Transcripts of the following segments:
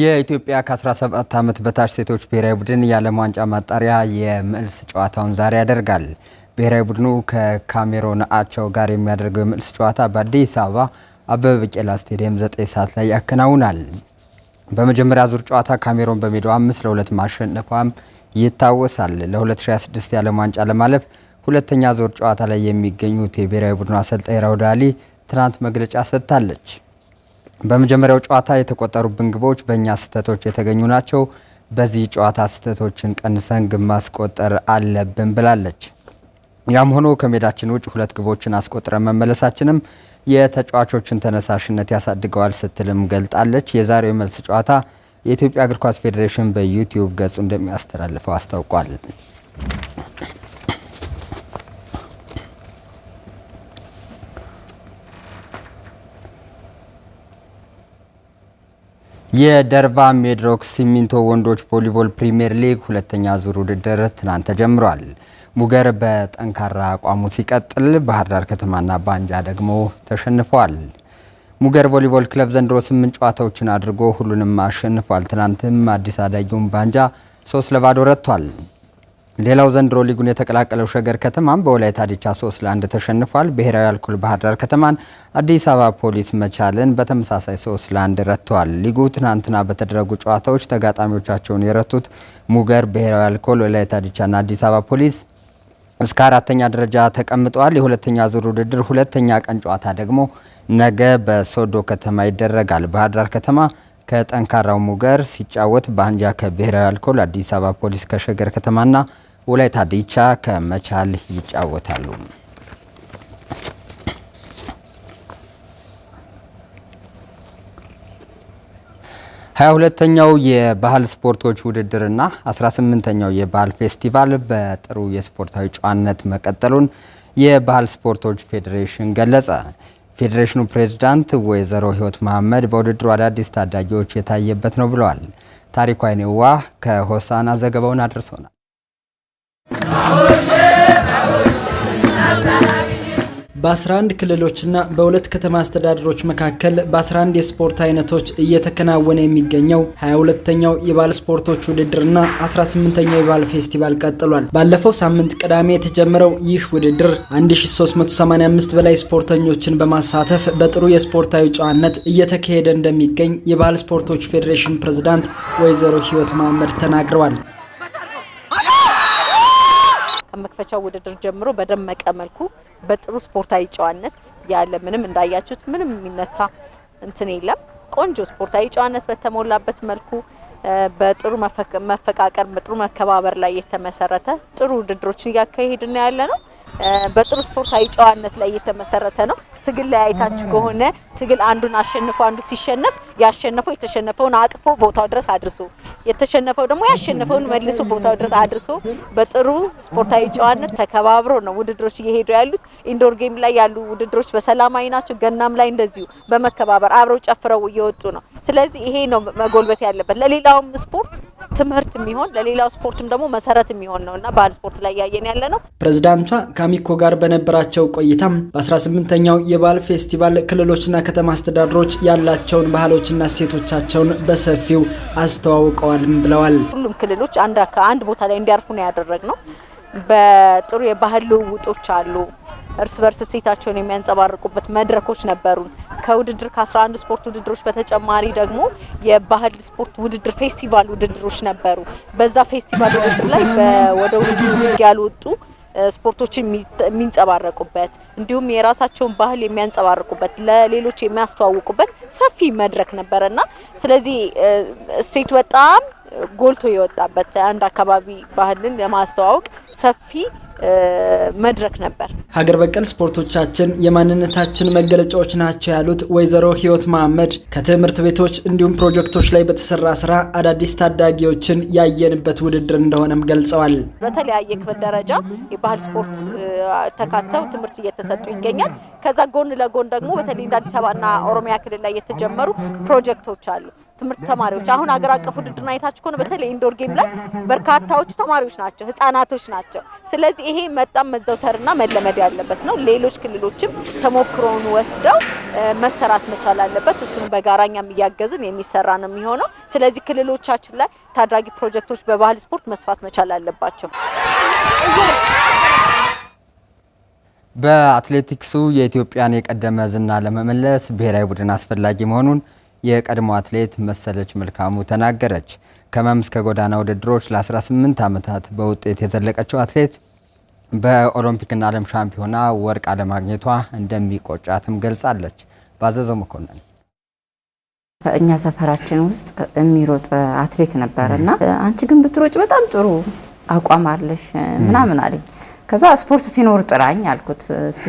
የኢትዮጵያ ከ17 ዓመት በታች ሴቶች ብሔራዊ ቡድን የዓለም ዋንጫ ማጣሪያ የመልስ ጨዋታውን ዛሬ ያደርጋል። ብሔራዊ ቡድኑ ከካሜሮን አቸው ጋር የሚያደርገው የመልስ ጨዋታ በአዲስ አበባ አበበ ቢቂላ ስቴዲየም 9 ሰዓት ላይ ያከናውናል። በመጀመሪያ ዙር ጨዋታ ካሜሮን በሜዳው 5 ለ2 ማሸነፏም ይታወሳል። ለ2026 የዓለም ዋንጫ ለማለፍ ሁለተኛ ዙር ጨዋታ ላይ የሚገኙት የብሔራዊ ቡድኑ አሰልጣኝ ራውዳሊ ትናንት መግለጫ ሰጥታለች። በመጀመሪያው ጨዋታ የተቆጠሩብን ግቦች በእኛ ስህተቶች የተገኙ ናቸው። በዚህ ጨዋታ ስህተቶችን ቀንሰን ግብ ማስቆጠር አለብን ብላለች። ያም ሆኖ ከሜዳችን ውጭ ሁለት ግቦችን አስቆጥረን መመለሳችንም የተጫዋቾችን ተነሳሽነት ያሳድገዋል ስትልም ገልጣለች። የዛሬው የመልስ ጨዋታ የኢትዮጵያ እግር ኳስ ፌዴሬሽን በዩቲዩብ ገጹ እንደሚያስተላልፈው አስታውቋል። የደርባ ሜድሮክ ሲሚንቶ ወንዶች ቮሊቦል ፕሪምየር ሊግ ሁለተኛ ዙር ውድድር ትናንት ተጀምሯል። ሙገር በጠንካራ አቋሙ ሲቀጥል ባህር ዳር ከተማና ባንጃ ደግሞ ተሸንፏል። ሙገር ቮሊቦል ክለብ ዘንድሮ ስምንት ጨዋታዎችን አድርጎ ሁሉንም አሸንፏል። ትናንትም አዲስ አዳጊውን ባንጃ ሶስት ለባዶ ረቷል። ሌላው ዘንድሮ ሊጉን የተቀላቀለው ሸገር ከተማም በወላይታ ዲቻ 3 ለ1 ተሸንፏል። ብሔራዊ አልኮል ባህር ዳር ከተማን፣ አዲስ አበባ ፖሊስ መቻልን በተመሳሳይ 3 ለ1 ረትተዋል። ሊጉ ትናንትና በተደረጉ ጨዋታዎች ተጋጣሚዎቻቸውን የረቱት ሙገር፣ ብሔራዊ አልኮል፣ ወላይታ ዲቻና አዲስ አበባ ፖሊስ እስከ አራተኛ ደረጃ ተቀምጠዋል። የሁለተኛ ዙር ውድድር ሁለተኛ ቀን ጨዋታ ደግሞ ነገ በሶዶ ከተማ ይደረጋል። ባህር ዳር ከተማ ከጠንካራው ሙገር ሲጫወት በአንጃ ከብሔራዊ አልኮል፣ አዲስ አበባ ፖሊስ ከሸገር ከተማና ወላይታ ዲቻ ከመቻል ይጫወታሉ። ሀያ ሁለተኛው የባህል ስፖርቶች ውድድርና አስራ ስምንተኛው የባህል ፌስቲቫል በጥሩ የስፖርታዊ ጨዋነት መቀጠሉን የባህል ስፖርቶች ፌዴሬሽን ገለጸ። ፌዴሬሽኑ ፕሬዝዳንት ወይዘሮ ህይወት መሐመድ በውድድሩ አዳዲስ ታዳጊዎች የታየበት ነው ብለዋል። ታሪኳ ይኔዋ ከሆሳና ዘገባውን አድርሶናል። በ11 ክልሎችና በሁለት ከተማ አስተዳደሮች መካከል በ11 የስፖርት አይነቶች እየተከናወነ የሚገኘው 22ተኛው የባህል ስፖርቶች ውድድርና 18ኛው የባህል ፌስቲቫል ቀጥሏል። ባለፈው ሳምንት ቅዳሜ የተጀመረው ይህ ውድድር 1385 በላይ ስፖርተኞችን በማሳተፍ በጥሩ የስፖርታዊ ጨዋነት እየተካሄደ እንደሚገኝ የባህል ስፖርቶች ፌዴሬሽን ፕሬዝዳንት ወይዘሮ ህይወት መሐመድ ተናግረዋል። ከመክፈቻው ውድድር ጀምሮ በደመቀ መልኩ በጥሩ ስፖርታዊ ጨዋነት ያለ ምንም እንዳያችሁት ምንም የሚነሳ እንትን የለም። ቆንጆ ስፖርታዊ ጨዋነት በተሞላበት መልኩ በጥሩ መፈቃቀር፣ በጥሩ መከባበር ላይ የተመሰረተ ጥሩ ውድድሮችን እያካሄድን ያለ ነው። በጥሩ ስፖርታዊ ጨዋነት ላይ የተመሰረተ ነው። ትግል ላይ አይታችሁ ከሆነ ትግል አንዱን አሸንፎ አንዱ ሲሸነፍ ያሸነፈው የተሸነፈውን አቅፎ ቦታው ድረስ አድርሶ የተሸነፈው ደግሞ ያሸነፈውን መልሶ ቦታው ድረስ አድርሶ በጥሩ ስፖርታዊ ጨዋነት ተከባብሮ ነው ውድድሮች እየሄዱ ያሉት። ኢንዶር ጌም ላይ ያሉ ውድድሮች በሰላማዊ ናቸው። ገናም ላይ እንደዚሁ በመከባበር አብረው ጨፍረው እየወጡ ነው። ስለዚህ ይሄ ነው መጎልበት ያለበት ለሌላውም ስፖርት ትምህርት የሚሆን ለሌላው ስፖርትም ደግሞ መሰረት የሚሆን ነው እና ባህል ስፖርት ላይ እያየን ያለ ነው። ፕሬዚዳንቷ ከአሚኮ ጋር በነበራቸው ቆይታም በ18ኛው የባህል ፌስቲቫል ክልሎችና ከተማ አስተዳደሮች ያላቸውን ባህሎችና እሴቶቻቸውን በሰፊው አስተዋውቀዋልም ብለዋል። ሁሉም ክልሎች ከአንድ ቦታ ላይ እንዲያርፉ ነው ያደረግ ነው። በጥሩ የባህል ልውውጦች አሉ። እርስ በርስ እሴታቸውን የሚያንጸባርቁበት መድረኮች ነበሩን። ከውድድር ከ11 ስፖርት ውድድሮች በተጨማሪ ደግሞ የባህል ስፖርት ውድድር ፌስቲቫል ውድድሮች ነበሩ። በዛ ፌስቲቫል ውድድር ላይ ወደ ውድድር ያልወጡ ስፖርቶችን የሚንጸባረቁበት እንዲሁም የራሳቸውን ባህል የሚያንጸባርቁበት ለሌሎች የሚያስተዋውቁበት ሰፊ መድረክ ነበረ እና ስለዚህ እሴቱ በጣም ጎልቶ የወጣበት አንድ አካባቢ ባህልን ለማስተዋወቅ ሰፊ መድረክ ነበር። ሀገር በቀል ስፖርቶቻችን የማንነታችን መገለጫዎች ናቸው ያሉት ወይዘሮ ህይወት መሀመድ ከትምህርት ቤቶች እንዲሁም ፕሮጀክቶች ላይ በተሰራ ስራ አዳዲስ ታዳጊዎችን ያየንበት ውድድር እንደሆነም ገልጸዋል። በተለያየ ክፍል ደረጃ የባህል ስፖርት ተካተው ትምህርት እየተሰጡ ይገኛል። ከዛ ጎን ለጎን ደግሞ በተለይ እንደ አዲስ አበባና ኦሮሚያ ክልል ላይ የተጀመሩ ፕሮጀክቶች አሉ። ትምህርት ተማሪዎች አሁን አገር አቀፍ ውድድር አይታችሁ ከሆነ በተለይ ኢንዶር ጌም ላይ በርካታዎቹ ተማሪዎች ናቸው፣ ህጻናቶች ናቸው። ስለዚህ ይሄ መጣም መዘውተርና መለመድ ያለበት ነው። ሌሎች ክልሎችም ተሞክሮውን ወስደው መሰራት መቻል አለበት። እሱን በጋራኛም እያገዝን የሚሰራ ነው የሚሆነው። ስለዚህ ክልሎቻችን ላይ ታዳጊ ፕሮጀክቶች በባህል ስፖርት መስፋት መቻል አለባቸው። በአትሌቲክሱ የኢትዮጵያን የቀደመ ዝና ለመመለስ ብሔራዊ ቡድን አስፈላጊ መሆኑን የቀድሞ አትሌት መሰለች መልካሙ ተናገረች። ከመም እስከ ጎዳና ውድድሮች ለ18 ዓመታት በውጤት የዘለቀችው አትሌት በኦሎምፒክና ዓለም ሻምፒዮና ወርቅ አለማግኘቷ እንደሚቆጫትም ገልጻለች። ባዘዘው መኮንን ከእኛ ሰፈራችን ውስጥ የሚሮጥ አትሌት ነበረ እና አንቺ ግን ብትሮጭ በጣም ጥሩ አቋም አለሽ ምናምን አለኝ ከዛ ስፖርት ሲኖር ጥራኝ አልኩት።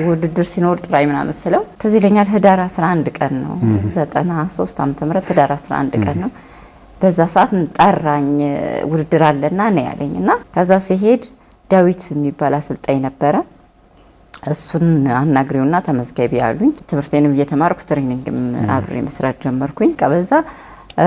ውድድር ሲኖር ጥራኝ ምናምን ስለው ትዝ ይለኛል። ህዳር 11 ቀን ነው 93 ዓመተ ምህረት ህዳር 11 ቀን ነው። በዛ ሰዓት ጠራኝ ውድድር አለና ነው ያለኝ እና ከዛ ሲሄድ ዳዊት የሚባል አሰልጣኝ ነበረ። እሱን አናግሬውና ተመዝገቢ አሉኝ። ትምህርቴንም እየተማርኩ ትሬኒንግም አብሬ መስራት ጀመርኩኝ። ከበዛ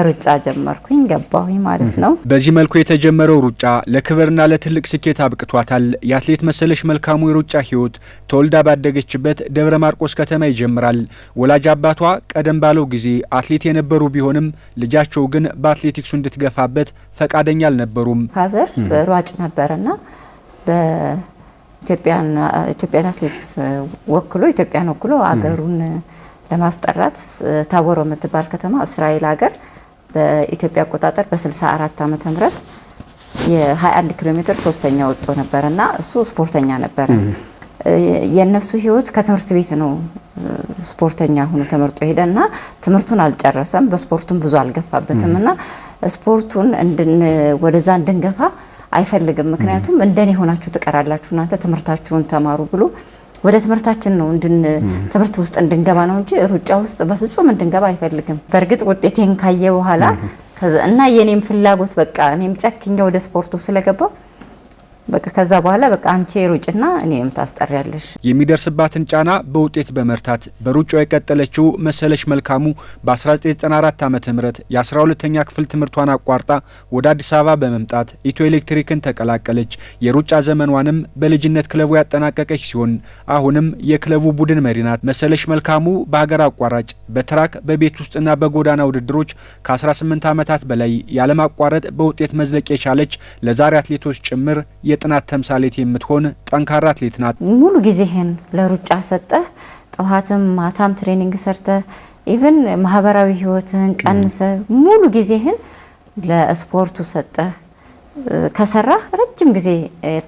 ሩጫ ጀመርኩኝ ገባሁኝ ማለት ነው። በዚህ መልኩ የተጀመረው ሩጫ ለክብርና ለትልቅ ስኬት አብቅቷታል። የአትሌት መሰለሽ መልካሙ የሩጫ ህይወት ተወልዳ ባደገችበት ደብረ ማርቆስ ከተማ ይጀምራል። ወላጅ አባቷ ቀደም ባለው ጊዜ አትሌት የነበሩ ቢሆንም ልጃቸው ግን በአትሌቲክሱ እንድትገፋበት ፈቃደኛ አልነበሩም። ፋዘር በሯጭ ነበርና በኢትዮጵያን አትሌቲክስ ወክሎ ኢትዮጵያን ወክሎ አገሩን ለማስጠራት ታቦሮ የምትባል ከተማ እስራኤል ሀገር በኢትዮጵያ አቆጣጠር በ64 ዓመተ ምህረት የ21 ኪሎ ሜትር ሶስተኛ ወጥቶ ነበርና እሱ ስፖርተኛ ነበረ። የእነሱ ህይወት ከትምህርት ቤት ነው። ስፖርተኛ ሆኖ ተመርጦ ሄደና ትምህርቱን አልጨረሰም። በስፖርቱን ብዙ አልገፋበትም እና ስፖርቱን ወደዛ እንድንገፋ አይፈልግም። ምክንያቱም እንደኔ የሆናችሁ ትቀራላችሁ እናንተ ትምህርታችሁን ተማሩ ብሎ ወደ ትምህርታችን ነው ትምህርት ውስጥ እንድንገባ ነው እንጂ ሩጫ ውስጥ በፍጹም እንድንገባ አይፈልግም። በእርግጥ ውጤቴን ካየ በኋላ እና የኔም ፍላጎት በቃ እኔም ጨክኛ ወደ ስፖርቱ ስለገባው በቃ ከዛ በኋላ በቃ አንቺ ሩጭና እኔም ታስጠሪያለሽ። የሚደርስባትን ጫና በውጤት በመርታት በሩጫ የቀጠለችው መሰለች መልካሙ በ1994 ም የ12ኛ ክፍል ትምህርቷን አቋርጣ ወደ አዲስ አበባ በመምጣት ኢትዮ ኤሌክትሪክን ተቀላቀለች። የሩጫ ዘመኗንም በልጅነት ክለቡ ያጠናቀቀች ሲሆን አሁንም የክለቡ ቡድን መሪ ናት። መሰለች መልካሙ በሀገር አቋራጭ በትራክ በቤት ውስጥና በጎዳና ውድድሮች ከ18 ዓመታት በላይ ያለማቋረጥ በውጤት መዝለቅ የቻለች ለዛሬ አትሌቶች ጭምር የጥናት ተምሳሌት የምትሆን ጠንካራ አትሌት ናት። ሙሉ ጊዜህን ለሩጫ ሰጠህ፣ ጠዋትም ማታም ትሬኒንግ ሰርተህ ኢቨን ማህበራዊ ህይወትህን ቀንሰህ ሙሉ ጊዜህን ለስፖርቱ ሰጠህ። ከሰራህ ረጅም ጊዜ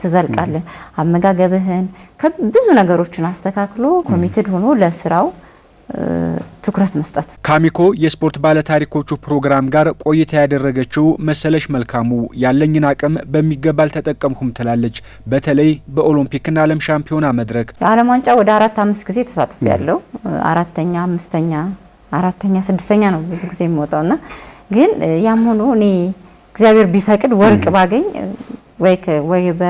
ትዘልቃለህ። አመጋገብህን ከብዙ ነገሮችን አስተካክሎ ኮሚትድ ሆኖ ለስራው ትኩረት መስጠት። ካሚኮ የስፖርት ባለታሪኮቹ ፕሮግራም ጋር ቆይታ ያደረገችው መሰለሽ መልካሙ ያለኝን አቅም በሚገባ አልተጠቀምኩም ትላለች። በተለይ በኦሎምፒክና ዓለም ሻምፒዮና መድረክ የዓለም ዋንጫ ወደ አራት አምስት ጊዜ ተሳትፎ ያለው አራተኛ፣ አምስተኛ፣ አራተኛ፣ ስድስተኛ ነው ብዙ ጊዜ ና ግን ያም ሆኖ እኔ እግዚአብሔር ቢፈቅድ ወርቅ ባገኝ ወይ ወይ በ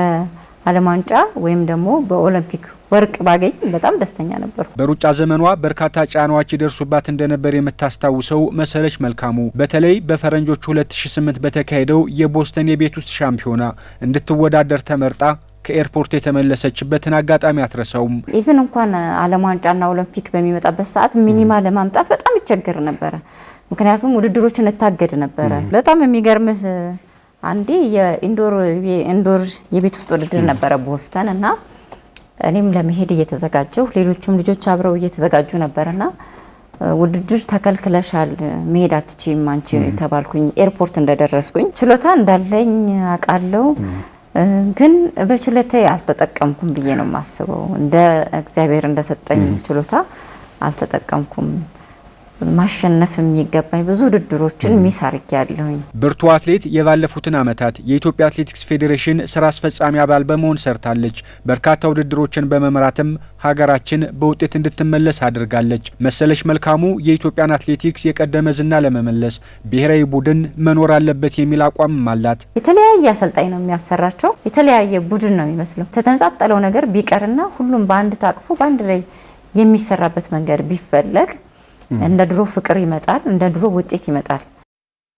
ዓለም ዋንጫ ወይም ደግሞ በኦሎምፒክ ወርቅ ባገኝ በጣም ደስተኛ ነበሩ። በሩጫ ዘመኗ በርካታ ጫናዎች ይደርሱባት እንደነበር የምታስታውሰው መሰለች መልካሙ በተለይ በፈረንጆቹ 2008 በተካሄደው የቦስተን የቤት ውስጥ ሻምፒዮና እንድትወዳደር ተመርጣ ከኤርፖርት የተመለሰችበትን አጋጣሚ አትረሳውም። ኢቭን እንኳን ዓለም ዋንጫና ኦሎምፒክ በሚመጣበት ሰዓት ሚኒማ ለማምጣት በጣም ይቸገር ነበረ። ምክንያቱም ውድድሮች እንታገድ ነበረ። በጣም የሚገርምህ አንዴ የኢንዶር ኢንዶር የቤት ውስጥ ውድድር ነበረ ቦስተን እና እኔም ለመሄድ እየተዘጋጀሁ ሌሎችም ልጆች አብረው እየተዘጋጁ ነበርና ውድድር ተከልክለሻል፣ መሄድ አትችይም አንቺ ተባልኩኝ። ኤርፖርት እንደደረስኩኝ ችሎታ እንዳለኝ አውቃለሁ፣ ግን በችሎታ አልተጠቀምኩም ብዬ ነው የማስበው። እንደ እግዚአብሔር እንደሰጠኝ ችሎታ አልተጠቀምኩም። ማሸነፍ የሚገባኝ ብዙ ውድድሮችን ሚስ አድርጊያለሁኝ። ብርቱ አትሌት የባለፉትን ዓመታት የኢትዮጵያ አትሌቲክስ ፌዴሬሽን ስራ አስፈጻሚ አባል በመሆን ሰርታለች። በርካታ ውድድሮችን በመምራትም ሀገራችን በውጤት እንድትመለስ አድርጋለች። መሰለች መልካሙ የኢትዮጵያን አትሌቲክስ የቀደመ ዝና ለመመለስ ብሔራዊ ቡድን መኖር አለበት የሚል አቋምም አላት። የተለያየ አሰልጣኝ ነው የሚያሰራቸው፣ የተለያየ ቡድን ነው የሚመስለው። ተተንጣጠለው ነገር ቢቀርና ሁሉም በአንድ ታቅፎ በአንድ ላይ የሚሰራበት መንገድ ቢፈለግ እንደ ድሮ ፍቅር ይመጣል፣ እንደ ድሮ ውጤት ይመጣል።